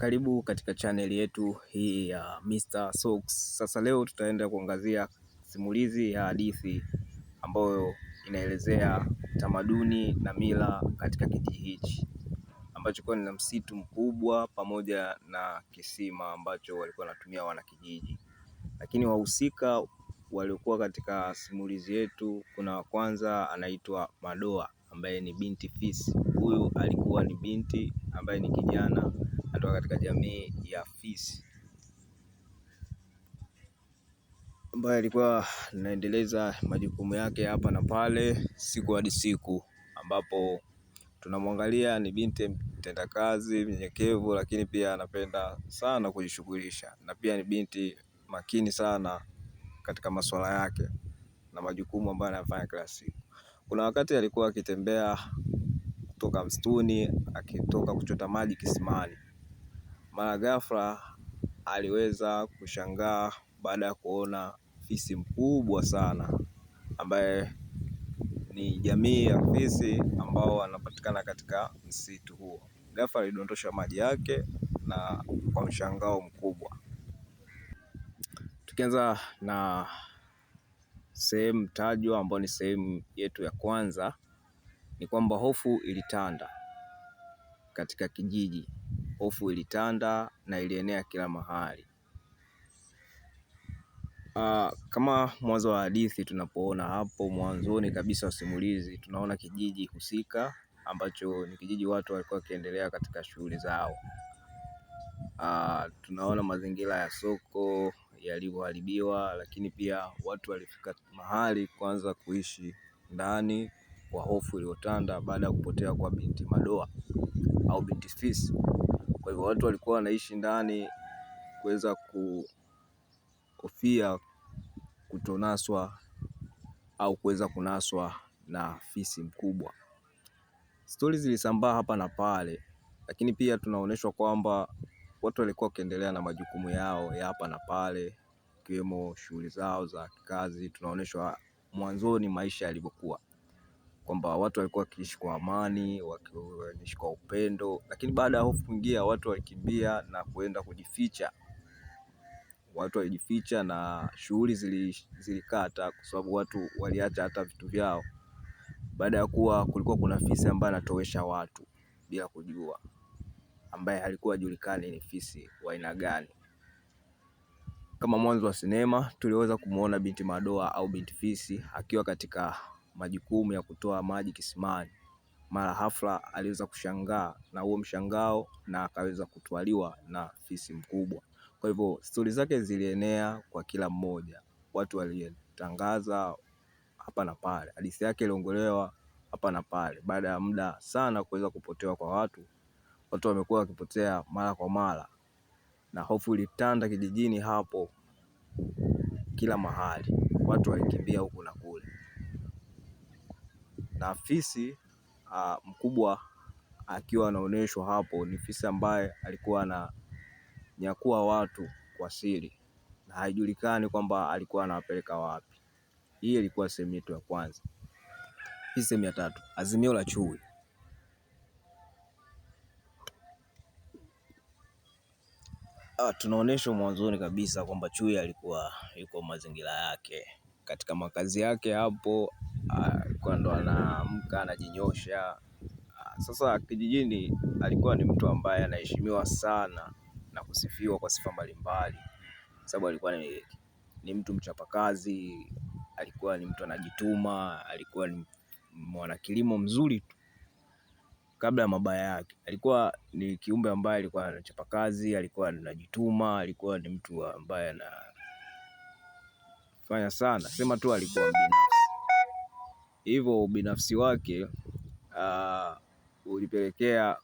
Karibu katika chaneli yetu hii ya Mr. Socks. Sasa leo tutaenda kuangazia simulizi ya hadithi ambayo inaelezea tamaduni na mila katika kijiji hichi ambacho kuwa na msitu mkubwa pamoja na kisima ambacho walikuwa wanatumia wanakijiji. Lakini wahusika waliokuwa katika simulizi yetu, kuna wa kwanza anaitwa Madoa ambaye ni binti fisi. Huyu alikuwa ni binti ambaye ni kijana Natoka katika jamii ya fisi ambaye alikuwa naendeleza majukumu yake hapa na pale siku hadi siku, ambapo tunamwangalia ni binti mtendakazi, mnyenyekevu, lakini pia anapenda sana kujishughulisha na pia ni binti makini sana katika masuala yake na majukumu ambayo anayafanya kila siku. Kuna wakati alikuwa akitembea kutoka msituni akitoka kuchota maji kisimani. Mara ghafla aliweza kushangaa baada ya kuona fisi mkubwa sana ambaye ni jamii ya fisi ambao wanapatikana katika msitu huo. Ghafla alidondosha maji yake na kwa mshangao mkubwa. Tukianza na sehemu tajwa ambayo ni sehemu yetu ya kwanza, ni kwamba hofu ilitanda katika kijiji hofu ilitanda na ilienea kila mahali. Ah, kama mwanzo wa hadithi tunapoona hapo mwanzoni kabisa wa simulizi, tunaona kijiji husika ambacho ni kijiji watu walikuwa wakiendelea katika shughuli zao. Ah, tunaona mazingira ya soko yalivyoharibiwa, lakini pia watu walifika mahali kuanza kuishi ndani kwa hofu iliyotanda baada ya kupotea kwa binti Madoa au binti Fisi. Kwa hivyo watu walikuwa wanaishi ndani kuweza kuhofia kutonaswa au kuweza kunaswa na fisi mkubwa. Stori zilisambaa hapa na pale, lakini pia tunaonyeshwa kwamba watu walikuwa wakiendelea na majukumu yao ya hapa na pale, ikiwemo shughuli zao za kikazi. Tunaonyeshwa mwanzoni maisha yalivyokuwa kwamba watu walikuwa wakiishi kwa amani, wakiishi kwa upendo, lakini baada ya hofu kuingia watu walikimbia na kuenda kujificha. Watu walijificha na shughuli zilikata, kwa sababu watu waliacha hata vitu vyao, baada ya kuwa kulikuwa kuna fisi ambaye anatowesha watu bila kujua, ambaye alikuwa julikani ni fisi wa aina gani. Kama mwanzo wa sinema tuliweza kumwona binti madoa au binti fisi akiwa katika majukumu ya kutoa maji kisimani. Mara hafla aliweza kushangaa na huo mshangao, na akaweza kutwaliwa na fisi mkubwa. Kwa hivyo stori zake zilienea kwa kila mmoja, watu walitangaza hapa na pale, hadithi yake iliongolewa hapa na pale. Baada ya muda sana kuweza kupotewa kwa watu, watu wamekuwa wakipotea mara kwa mara, na hofu ilitanda kijijini hapo kila mahali, watu walikimbia huku na kule na fisi mkubwa akiwa anaonyeshwa hapo ni fisi ambaye alikuwa ananyakua watu kwa siri na haijulikani kwamba alikuwa anawapeleka wapi. Hii ilikuwa sehemu yetu ya kwanza. Hii sehemu ya tatu, azimio la chui. Ah, tunaonyeshwa mwanzoni kabisa kwamba chui alikuwa yuko mazingira yake katika makazi yake hapo ah, alikuwa ndo anaamka anajinyosha. Ah, sasa kijijini alikuwa ni mtu ambaye anaheshimiwa sana na kusifiwa kwa sifa mbalimbali, sababu alikuwa ni, ni mtu mchapakazi, alikuwa ni mtu anajituma, alikuwa ni mwanakilimo mzuri tu kabla ya mabaya yake. Alikuwa ni kiumbe ambaye alikuwa anachapa kazi, alikuwa anajituma, alikuwa ni mtu ambaye ana kufanya sana, sema tu alikuwa binafsi Hivyo ubinafsi wake uh, ulipelekea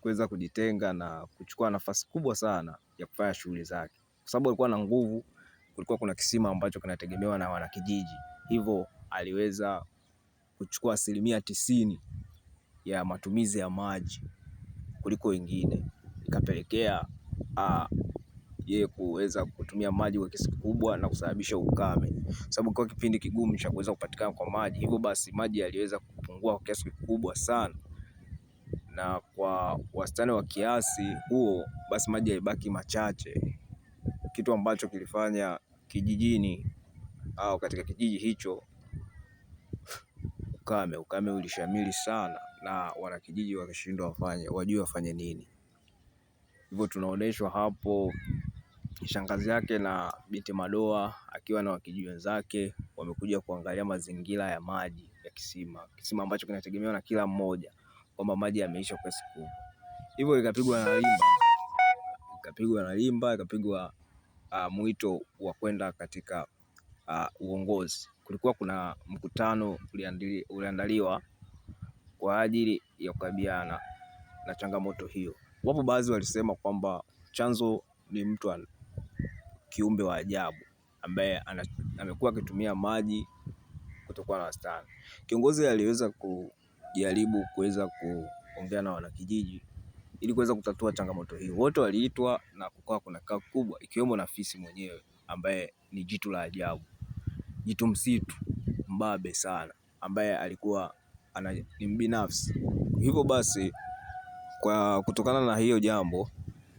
kuweza kujitenga na kuchukua nafasi kubwa sana ya kufanya shughuli zake, kwa sababu alikuwa na nguvu. Kulikuwa kuna kisima ambacho kinategemewa na wanakijiji, hivyo aliweza kuchukua asilimia tisini ya matumizi ya maji kuliko wengine, ikapelekea uh, yeye kuweza kutumia maji kwa kiasi kikubwa na kusababisha ukame, sababu kwa kipindi kigumu cha kuweza kupatikana kwa maji, hivyo basi maji yaliweza kupungua kwa kiasi kikubwa sana, na kwa wastani wa kiasi huo, basi maji yalibaki machache, kitu ambacho kilifanya kijijini au katika kijiji hicho ukame ukame ulishamiri sana, na wanakijiji wakashindwa wafanye wajue wafanye nini. Hivyo tunaonyeshwa hapo Shangazi yake na binti Madoa akiwa na wakiji wenzake wamekuja kuangalia mazingira ya maji ya kisima, kisima ambacho kinategemewa na kila mmoja kwamba maji yameisha kwa siku. Hivyo ikapigwa na limba, ikapigwa na limba, ikapigwa uh, mwito wa kwenda katika uh, uongozi. Kulikuwa kuna mkutano uliandaliwa kwa ajili ya kukabiliana na changamoto hiyo. Wapo baadhi walisema kwamba chanzo ni mtu kiumbe wa ajabu ambaye amekuwa akitumia maji kutokuwa na wastani. Kiongozi aliweza kujaribu kuweza kuongea na wanakijiji ili kuweza kutatua changamoto hii. Wote waliitwa na kukaa kuna kaa kubwa ikiwemo na fisi mwenyewe ambaye ni jitu la ajabu, jitu msitu mbabe sana, ambaye alikuwa ni mbinafsi. Hivyo basi, kwa kutokana na hiyo jambo,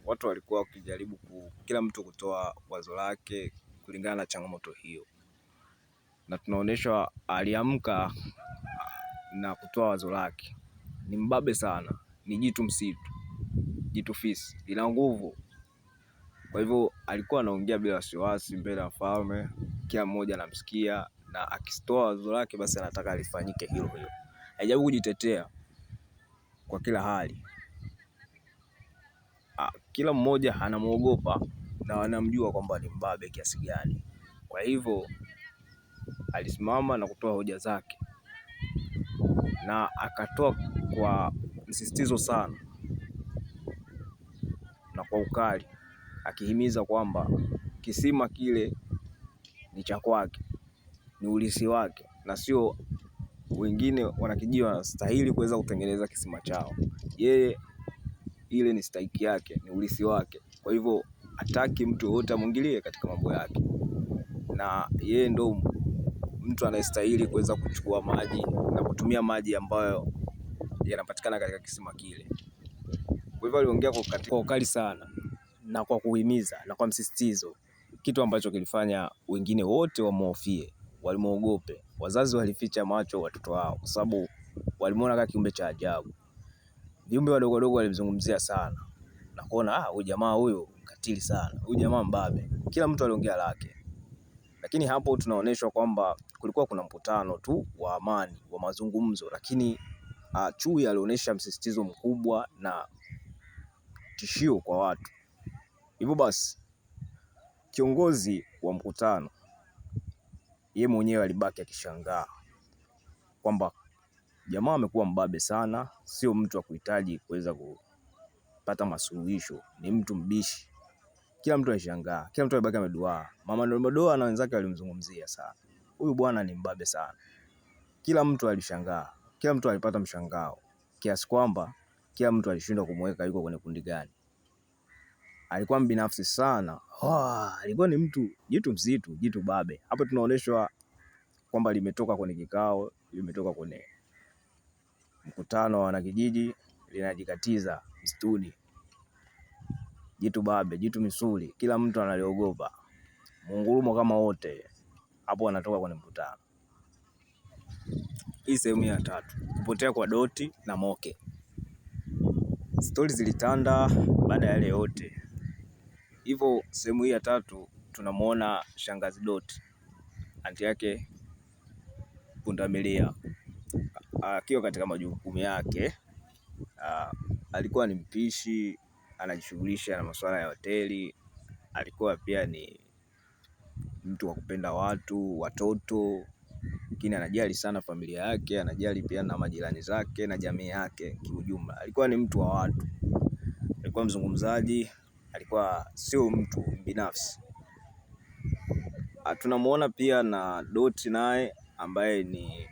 watu walikuwa wakijaribu kila mtu kutoa wazo lake kulingana na changamoto hiyo, na tunaonyeshwa aliamka na kutoa wazo lake. Ni mbabe sana, ni jitu msitu, jitu fisi, lina nguvu. Kwa hivyo alikuwa anaongea bila wasiwasi mbele ya mfalme, kila mmoja anamsikia, na akitoa wazo lake basi anataka alifanyike hilo hilo, hajaribu kujitetea kwa kila hali kila mmoja anamuogopa na anamjua kwamba ni mbabe kiasi gani. Kwa hivyo alisimama na kutoa hoja zake na akatoa kwa msisitizo sana na kwa ukali, akihimiza kwamba kisima kile ni cha kwake, ni urithi wake na sio wengine wanakijiji wanastahili kuweza kutengeneza kisima chao yeye ile ni staiki yake, ni urithi wake. Kwa hivyo hataki mtu yoyote amwingilie katika mambo yake, na yeye ndo mtu anayestahili kuweza kuchukua maji na kutumia maji ambayo yanapatikana katika kisima kile. Kwa hivyo aliongea kwa ukali sana na kwa kuhimiza na kwa msisitizo, kitu ambacho kilifanya wengine wote wamhofie, walimwogope. Wazazi walificha macho watoto wao, kwa sababu walimwona kama kiumbe cha ajabu viumbe wadogo wadogo walimzungumzia sana na kuona ah, huyu jamaa huyu katili sana, huyu jamaa mbabe. Kila mtu aliongea lake, lakini hapo tunaonyeshwa kwamba kulikuwa kuna mkutano tu wa amani wa mazungumzo, lakini uh, chui alionyesha msisitizo mkubwa na tishio kwa watu. Hivyo basi kiongozi wa mkutano yeye mwenyewe alibaki akishangaa kwamba Jamaa amekuwa mbabe sana, sio mtu wa kuhitaji kuweza kupata masuluhisho, ni mtu mbishi. Kila mtu anashangaa, kila mtu alibaki ameduaa. Mama Madoa na wenzake walimzungumzia sana, huyu bwana ni mbabe sana. Kila mtu alishangaa, kila mtu alipata mshangao, kiasi kwamba kila mtu alishindwa kumweka yuko kwenye kundi gani. Alikuwa mbinafsi sana. Oh, alikuwa ni mtu jitu mzito, jitu babe. Hapo tunaonyeshwa kwamba limetoka kwenye kikao, limetoka kwenye Mkutano wa wanakijiji linajikatiza msituni. Jitu babe, jitu misuli, kila mtu analiogopa. Mungurumo kama wote hapo wanatoka kwenye mkutano. Hii sehemu ya tatu, kupotea kwa Doti na Moke. Stori zilitanda baada ya yale yote. Hivyo sehemu hii ya tatu tunamwona shangazi Doti, anti yake Pundamilia. Ah, akiwa katika majukumu yake, ah, alikuwa ni mpishi, anajishughulisha na masuala ya hoteli, alikuwa pia ni mtu wa kupenda watu, watoto, lakini anajali sana familia yake, anajali pia na majirani zake na jamii yake kiujumla. Alikuwa ni mtu wa watu, alikuwa mzungumzaji, alikuwa sio mtu binafsi. Ah, tunamuona pia na Doti naye ambaye ni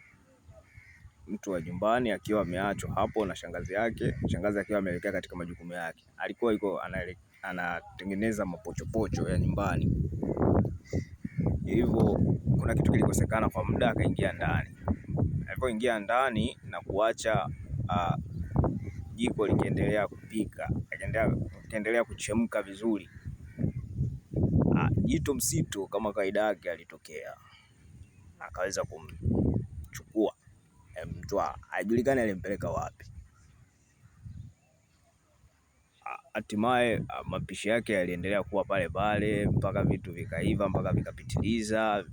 mtu wa nyumbani akiwa ameachwa hapo na shangazi yake, shangazi akiwa ameelekea katika majukumu yake, alikuwa yuko anatengeneza mapochopocho ya nyumbani. Hivyo kuna kitu kilikosekana kwa muda, akaingia ndani. Alipoingia ndani na kuacha uh, jiko likiendelea kupika, likiendelea kuchemka vizuri, uh, Jito Msito kama kaida yake alitokea akaweza kumchukua Mtwara, haijulikani alimpeleka wapi. Hatimaye mapishi yake yaliendelea kuwa pale pale mpaka vitu vikaiva, mpaka vikapitiliza,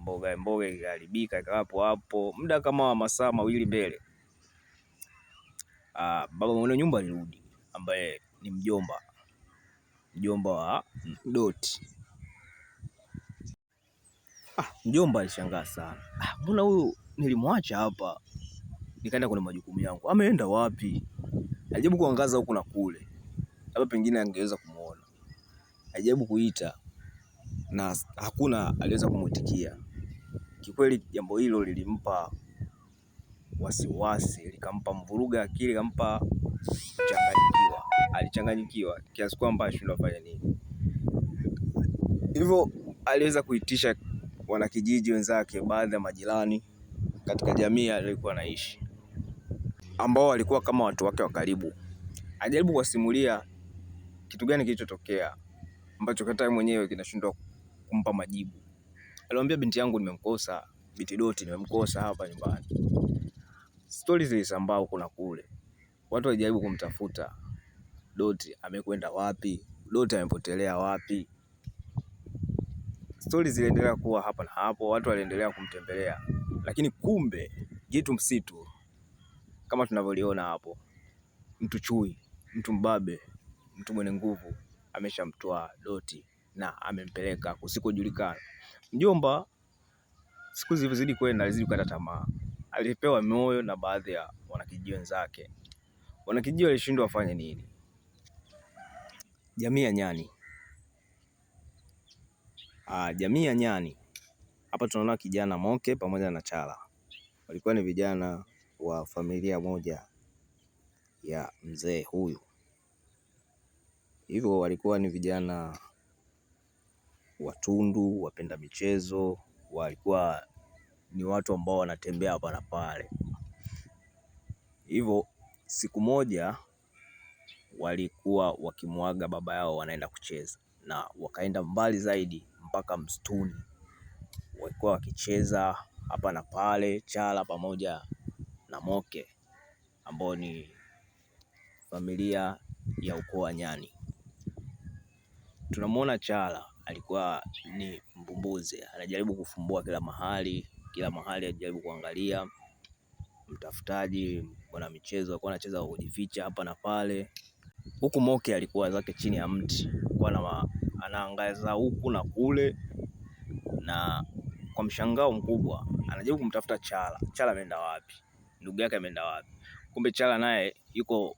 mboga mboga ikaharibika, ikawapo hapo Muda kama wa masaa mawili mbele, baba mwenye nyumba alirudi, ambaye ni mjomba mjomba wa Doti. Ah, mjomba alishangaa sana, ah, mbona huyu nilimwacha hapa, nikaenda kwenye majukumu yangu. Ameenda wapi? Najaribu kuangaza huku na kule, labda pengine angeweza kumuona. Najaribu kuita na hakuna aliweza kumwitikia. Kikweli jambo hilo lilimpa wasiwasi, likampa mvuruga akili, kampa changanyikiwa, Alichanganyikiwa kiasi kwamba ashindwa kufanya nini, hivyo aliweza kuitisha wanakijiji wenzake, baadhi ya majirani katika jamii aliyokuwa anaishi, ambao walikuwa kama watu wake wa karibu. Ajaribu kuwasimulia kitu gani kilichotokea ambacho hata mwenyewe kinashindwa kumpa majibu. Aliwaambia, binti yangu nimemkosa, binti Doti nimemkosa hapa nyumbani. Stori zilisambaa huko na kule, watu walijaribu kumtafuta Doti, amekwenda wapi? Doti amepotelea wapi? Stori ziliendelea kuwa hapa na hapo, watu waliendelea kumtembelea lakini kumbe jitu msitu kama tunavyoliona hapo, mtu chui, mtu mbabe, mtu mwenye nguvu ameshamtoa Doti na amempeleka kusikojulikana. Mjomba siku zilivyozidi kwenda alizidi kukata tamaa, alipewa moyo na baadhi ya wanakijiji wenzake. Wanakijiji walishindwa wafanye nini? Jamii ya nyani. Ah, jamii ya nyani hapa tunaona kijana Moke pamoja na Chala, walikuwa ni vijana wa familia moja ya mzee huyu, hivyo walikuwa ni vijana watundu, wapenda michezo, walikuwa ni watu ambao wanatembea hapa na pale. Hivyo siku moja walikuwa wakimwaga baba yao wanaenda kucheza, na wakaenda mbali zaidi mpaka msituni walikuwa wakicheza hapa na pale Chala pamoja na Moke ambao ni familia ya ukoo wa Nyani. Tunamwona Chala alikuwa ni mbumbuze anajaribu kufumbua kila mahali, kila mahali anajaribu kuangalia mtafutaji, mwana michezo alikuwa anacheza kujificha hapa na pale, huku Moke alikuwa zake chini ya mti, alikuwa anaangaza huku na kule na kwa mshangao mkubwa anajaribu kumtafuta Chala. Chala ameenda wapi? Ndugu yake ameenda wapi? Kumbe Chala naye yuko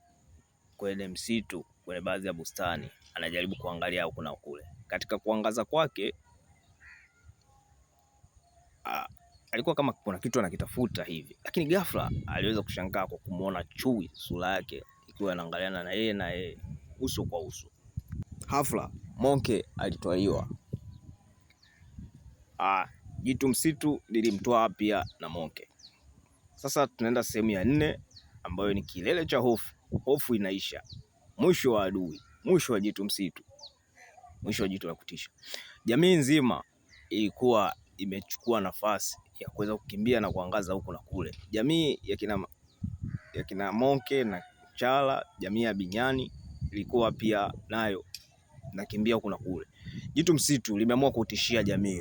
kwenye msitu, kwenye baadhi ya bustani, anajaribu kuangalia huku na kule. Katika kuangaza kwake alikuwa kama kuna kitu anakitafuta hivi, lakini ghafla aliweza kushangaa kwa kumwona chui, sura yake ikiwa anaangaliana na yeye na yeye uso kwa uso. Hafla Monke alitwaliwa. Ah, Jitu msitu lilimtwaa pia na Monke. Sasa tunaenda sehemu ya nne ambayo ni kilele cha hofu. Hofu inaisha, mwisho wa adui, mwisho wa jitu msitu, mwisho wa jitu la kutisha. Jamii nzima ilikuwa imechukua nafasi ya kuweza kukimbia na kuangaza huku na kule. Jamii ya kina, ya kina Monke na Chala, jamii ya Binyani ilikuwa pia nayo nakimbia huku na kule. Jitu msitu limeamua kutishia jamii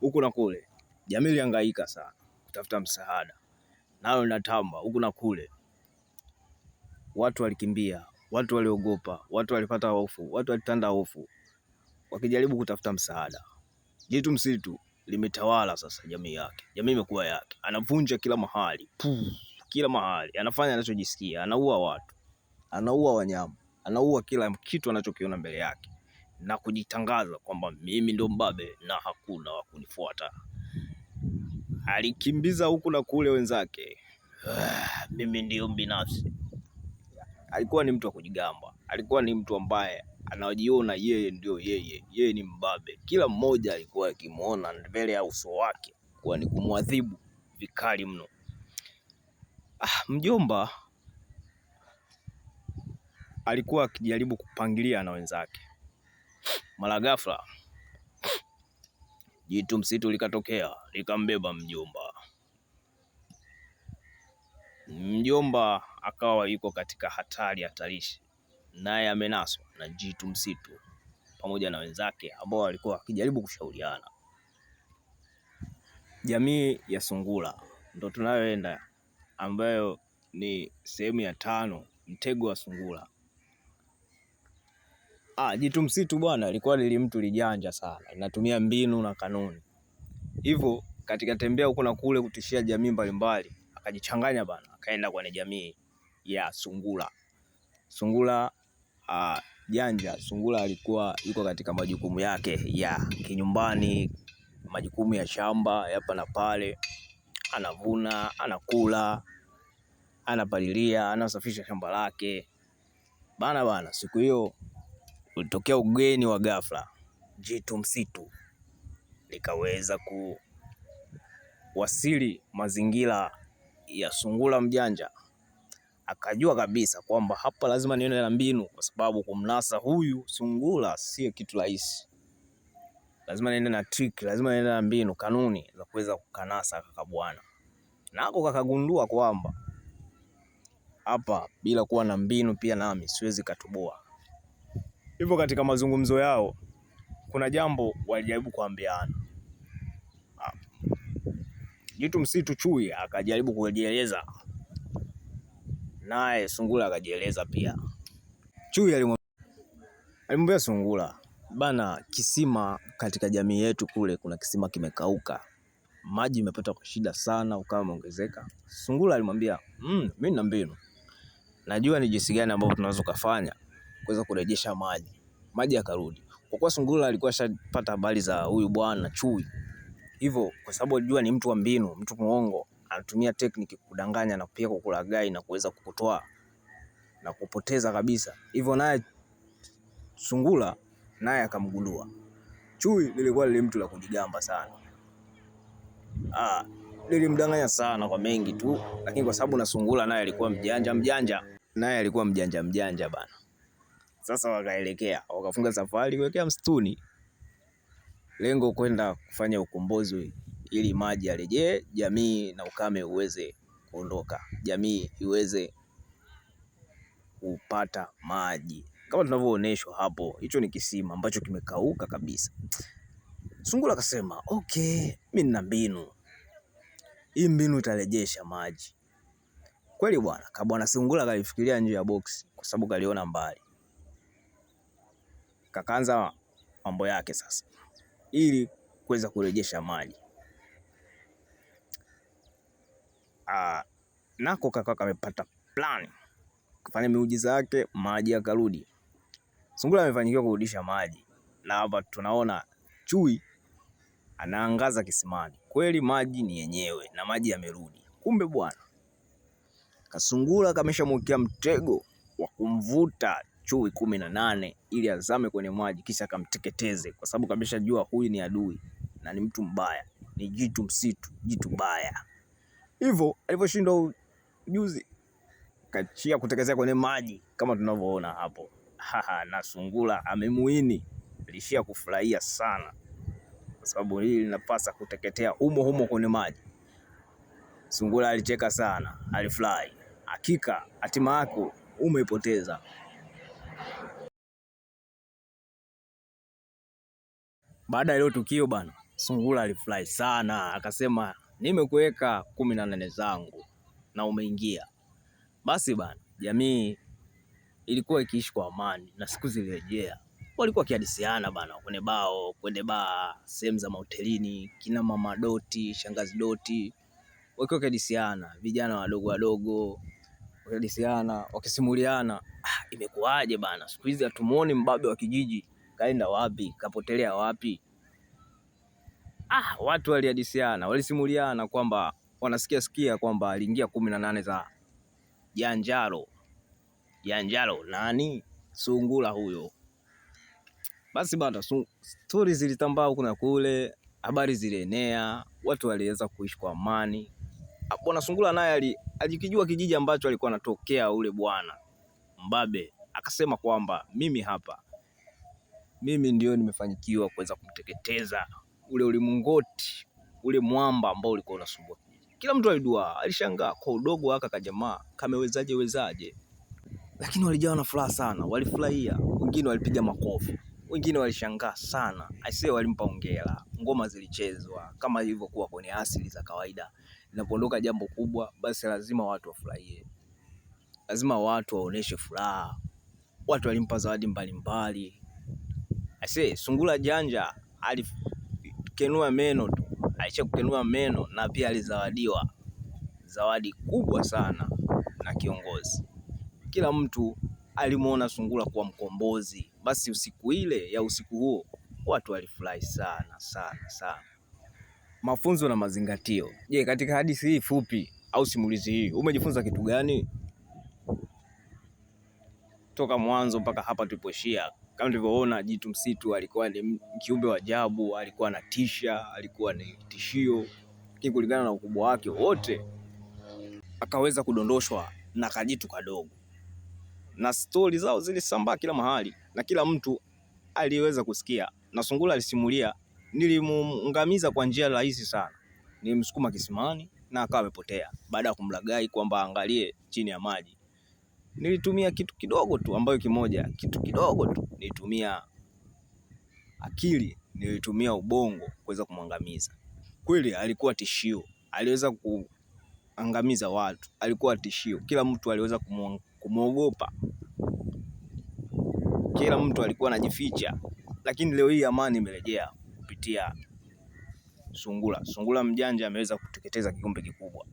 huku na kule. Jamii ilihangaika sana kutafuta msaada, nayo linatamba huku na kule. Watu walikimbia, watu waliogopa, watu walipata hofu, watu walitanda hofu wakijaribu kutafuta msaada. Jitu msitu limetawala sasa jamii yake, jamii imekuwa yake, anavunja kila mahali Puh, kila mahali anafanya anachojisikia, anaua watu, anaua wanyama anaua kila kitu anachokiona mbele yake na kujitangaza kwamba mimi ndo mbabe na hakuna wa kunifuata. Alikimbiza huku na kule wenzake, mimi ndiyo binafsi. Alikuwa ni mtu wa kujigamba, alikuwa ni mtu ambaye anajiona yeye ndio yeye, yeye ni mbabe. Kila mmoja alikuwa akimwona mbele ya uso wake kuwa ni kumwadhibu vikali mno. Ah, mjomba alikuwa akijaribu kupangilia na wenzake. Mara ghafla jitu msitu likatokea likambeba mjomba. Mjomba akawa yuko katika hatari hatarishi, naye amenaswa na jitu msitu pamoja na wenzake ambao walikuwa wakijaribu kushauriana. Jamii ya sungura ndo tunayoenda ambayo ni sehemu ya tano, mtego wa sungura. Ah, jitu msitu bwana likuwa lili mtu lijanja sana, linatumia mbinu na kanuni. Hivyo katika tembea huko na kule kutishia jamii mbalimbali, akajichanganya bana akaenda kwenye jamii ya sungura. Sungura ah, janja, sungura alikuwa yuko katika majukumu yake ya kinyumbani, majukumu ya shamba hapa na pale, anavuna, anakula, anapalilia, anasafisha shamba lake. Bana bana siku hiyo Ulitokea ugeni wa ghafla, jitu msitu likaweza kuwasili mazingira ya sungura mjanja. Akajua kabisa kwamba hapa lazima nione na mbinu, kwa sababu kumnasa huyu sungura sio kitu rahisi. Lazima niende na trick, lazima niende na mbinu, kanuni za kuweza kukanasa kaka bwana. Nako kakagundua kwamba hapa bila kuwa na mbinu pia nami siwezi katubua Hivyo katika mazungumzo yao kuna jambo walijaribu kuambiana. Ah, jitu msitu chui akajaribu kujieleza, naye sungura akajieleza pia. Chui alimwambia sungura, bana, kisima katika jamii yetu kule kuna kisima kimekauka, maji imepata kwa shida sana, ukawa umeongezeka. Sungura alimwambia mm, mimi nina mbinu, najua ni jinsi gani ambavyo tunaweza kufanya kuweza kurejesha maji, maji yakarudi. Kwa kuwa Sungura alikuwa ashapata habari za huyu bwana chui, hivyo kwa sababu alijua ni mtu wa mbinu, mtu muongo, anatumia tekniki kudanganya na pia kukulagai na kuweza kukutoa na kupoteza kabisa. Hivyo naye Sungura naye akamgundua. Chui lilikuwa lile mtu la kujigamba sana. Ah, lilimdanganya sana kwa mengi tu, lakini kwa sababu na Sungura naye alikuwa mjanja mjanja, naye alikuwa mjanja mjanja bana. Sasa wakaelekea wakafunga safari kuelekea msituni, lengo kwenda kufanya ukombozi ili maji yarejee jamii na ukame uweze kuondoka, jamii iweze kupata maji kama tunavyoonyeshwa hapo. Hicho ni kisima ambacho kimekauka kabisa. Sungura akasema okay, mimi nina mbinu hii, mbinu itarejesha maji kweli bwana. Kabwana Sungura kalifikiria nje ya box, kwa sababu kaliona mbali kakaanza mambo yake sasa, ili kuweza kurejesha maji. Ah, nako kaka kamepata plan kufanya miujiza yake, maji yakarudi. Sungura amefanikiwa kurudisha maji, na hapa tunaona chui anaangaza kisimani. Kweli maji ni yenyewe na maji yamerudi. Kumbe bwana kasungura kameshamwekea mtego wa kumvuta chui kumi na nane ili azame kwenye maji kisha akamteketeze, kwa sababu jua huyu ni adui na ni mtu mbaya, ni jitu msitu, jitu baya. Hivyo alivyoshindwa ujuzi, kachia kutekezea kwenye maji kama tunavyoona hapo. Haha, na sungura amemuini, alishia kufurahia sana, kwa sababu hili linapasa kuteketea humo humo kwenye maji. Sungura alicheka sana, alifurahi. Hakika hatima yako umeipoteza. Baada ya ile tukio bana, Sungura alifurahi sana, akasema nimekuweka kumi na nane zangu na umeingia. Basi bana, jamii ilikuwa ikiishi kwa amani na siku zilirejea. Walikuwa wakihadisiana bana, kwenye bao, kwenye baa, sehemu za mahotelini, kina mama Doti, shangazi Doti, wakiwa wakihadisiana, vijana wadogo wadogo wakihadisiana, wakisimuliana, ah, imekuwaje bana, siku hizi hatumuoni mbabe wa kijiji kaenda wapi, kapotelea wapi? Ah, watu walihadisiana, walisimuliana kwamba wanasikia sikia kwamba aliingia kumi na nane za Janjaro. Janjaro nani? Sungula huyo. Basi bana, stori zilitambaa huku na kule, habari zilienea, watu waliweza kuishi kwa amani. Ah, bwana Sungula naye alikijua kijiji ambacho alikuwa anatokea ule bwana Mbabe, akasema kwamba mimi hapa mimi ndio nimefanikiwa kuweza kumteketeza ule ulimungoti ule mwamba ambao ulikuwa unasumbua kijiji. Kila mtu alidua, alishangaa kwa udogo wake kajamaa kamewezaje wezaje, lakini walijawa na furaha sana, walifurahia. Wengine walipiga makofi, wengine walishangaa sana, aisee, walimpa hongera. Ngoma zilichezwa kama ilivyokuwa kwenye asili za kawaida. Linapoondoka jambo kubwa, basi lazima watu wafurahie, lazima watu waoneshe furaha. Watu walimpa zawadi mbalimbali, Ase, sungura janja alikenua meno tu, aisha kukenua meno na pia alizawadiwa zawadi kubwa sana na kiongozi. Kila mtu alimuona sungura kuwa mkombozi. Basi usiku ile ya usiku huo watu walifurahi sana sana sana. Mafunzo na mazingatio. Je, katika hadithi hii fupi au simulizi hii umejifunza kitu gani? Toka mwanzo mpaka hapa tulipoishia, kama tulivyoona Jitu Msitu alikuwa ni kiumbe wa ajabu, alikuwa anatisha, alikuwa ni tishio, lakini kulingana na ukubwa wake wote akaweza kudondoshwa na kajitu kadogo, na stori zao zilisambaa kila mahali na kila mtu aliweza kusikia, na Sungura alisimulia, nilimuangamiza kwa njia rahisi sana, nilimsukuma kisimani na akawa amepotea, baada ya kumlagai kwamba angalie chini ya maji nilitumia kitu kidogo tu ambayo kimoja, kitu kidogo tu nilitumia akili, nilitumia ubongo kuweza kumwangamiza. Kweli alikuwa tishio, aliweza kuangamiza watu, alikuwa tishio, kila mtu aliweza kumwogopa, kila mtu alikuwa anajificha. Lakini leo hii amani imerejea kupitia sungura. Sungura mjanja ameweza kuteketeza kiumbe kikubwa.